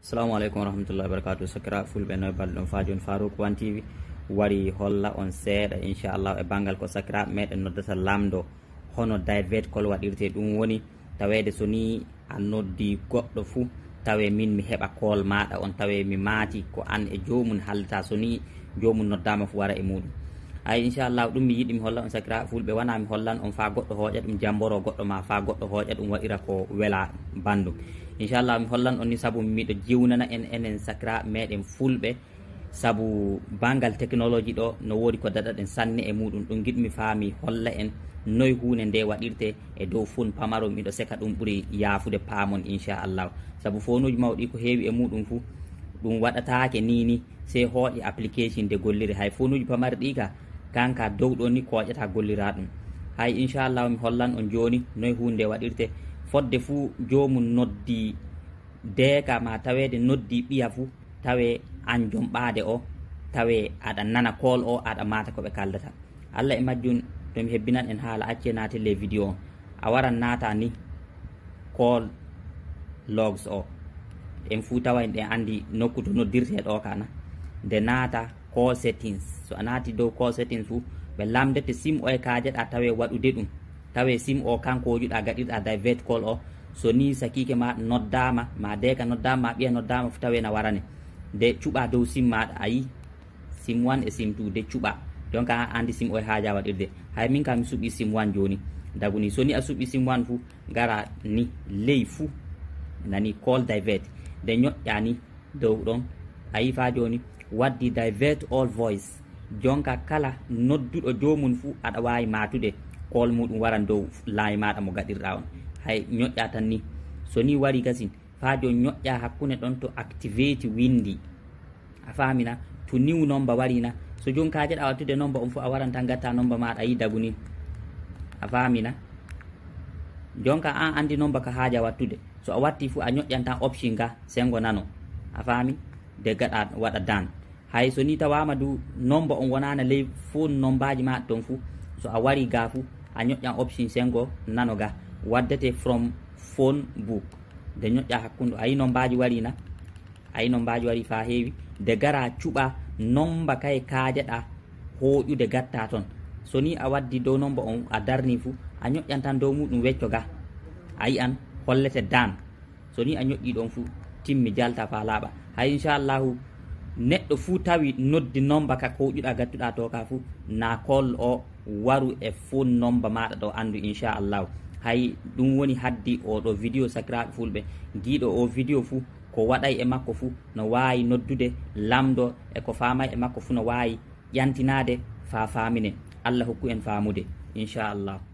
assalamu aleykum wa rahmatullah wabarakatu sokira fulɓe noye balɗe ɗum faa joni farouk wan tv wari holla on seeɗa inchallah e banggal ko sakiraɓe meɗen noddata lamdo hono divet col waɗirte ɗum woni tawede so ni a noddi goɗɗo fuu tawe min mi heɓa kol maɗa on tawe mi maati ko an e jomum haldata so ni jomum noddama fo wara e muɗum ay inchallahu ɗum mi yiɗi mi holla on sakiraɓe fulɓe wona mi hollan on fa goɗɗo hooƴa ɗum jamboro goɗɗo ma fa goɗɗo hooƴa ɗum waɗira ko wela bandum inchallah mi hollan on ni saabu miɗo jiwnana en enen sacra meɗen fulɓe saabu bangal technologie ɗo no wodi ko dadaɗen sanne e muɗum ɗum giɗmi faami holla en noyi hunde nde waɗirte e dow fun pamaro miɗo seka ɗum ɓuuri yaafude paamon inchallah saabu fonuji mawɗi ko heewi e muɗum fo ɗum waɗatake nini se hooƴe application de gollire hay fonuji pamare ɗi ka kanka dow ɗo ni koƴata gollira ɗum hay inchallah mi hollan on joni noyi hunde nde waɗirte fodde fuu joomum noddi deeka ma taweede noddi ɓiya fuu tawe an jomɓaade o tawe aɗa nana kool o aɗa maata ko ɓe kaldata allah e majjum to mi hebbinan en haala acce naate le vidéo o a waran naata ni kool logs o en fuu tawan ɗen anndi nokku to noddirtee ɗo kana nde naata call settings so a naati dow call settings fuu ɓe lamdete sim oye kaaje ɗa tawe waɗude ɗum tawe sim o kanko wojuɗa gaɗirɗa da vet col o so ni sakike ma noddama ma deka noddama ma ɓiya noddama fo tawena warane nde cuɓa dow sim maɗa ayi sim 1 e sim 2 de cuɓa donc ha andi sim o e haja waɗirde hay min ka mi suuɓi sim 1 joni daguni so ni a suuɓi sim 1 fo gara ni ley fo nani col divert nde ñoƴƴani dow ɗon ayi fa joni waddi divert all voice jonka kala nodduɗo jomum fo aɗa wawi matude kol muɗum waran dow laay maɗa mo gaɗirɗa on hay ñoƴƴa tan ni so ni wari gasin faajo ñoƴƴa hakkunde ɗon to activéti windi a famina to niw nomba warina so jon kaje ɗa wattude nomba on foof a waran tan gatta nomba maɗa yi dagu ni a famina jonka an andi nomba ka haaja wattude so a watti fo a ñoƴƴanta option ga sengo nano a faami de gaɗa waɗa dan hay so ni tawama du nomba on wonana ley fo nombaji maɗa ton fo so a wari ga fou a ñoƴƴan option sengo nanoga waddete from phone book de ñoƴƴa hakkude ayi no mbaji warina ayi no mbaji wari fa heewi de gara cuɓa nomba kaye kaajeɗa hoƴude gatta toon so ni a waddi dow nomba on a darni fou a ñoƴƴan tan dow muɗum wecco ga a yiyan hollete dan so ni a ñoƴƴi ɗon fou timmi jalta fa laaɓa hay inchallahu neɗɗo fou tawi noddi nomba ka hoƴuɗa gattuɗa to ka fou na koll o waru e fuu nomba maɗa ɗo andu inchallahu hay ɗum woni haddi oɗo vidéo sakiraɓe fulɓe guiɗo o vidéo fuu ko waɗay e makko fuu no wawi noddude lamɗo eko faamay e makko fuu no wawi ƴantinade fa famine allah hokku en famude inchallahu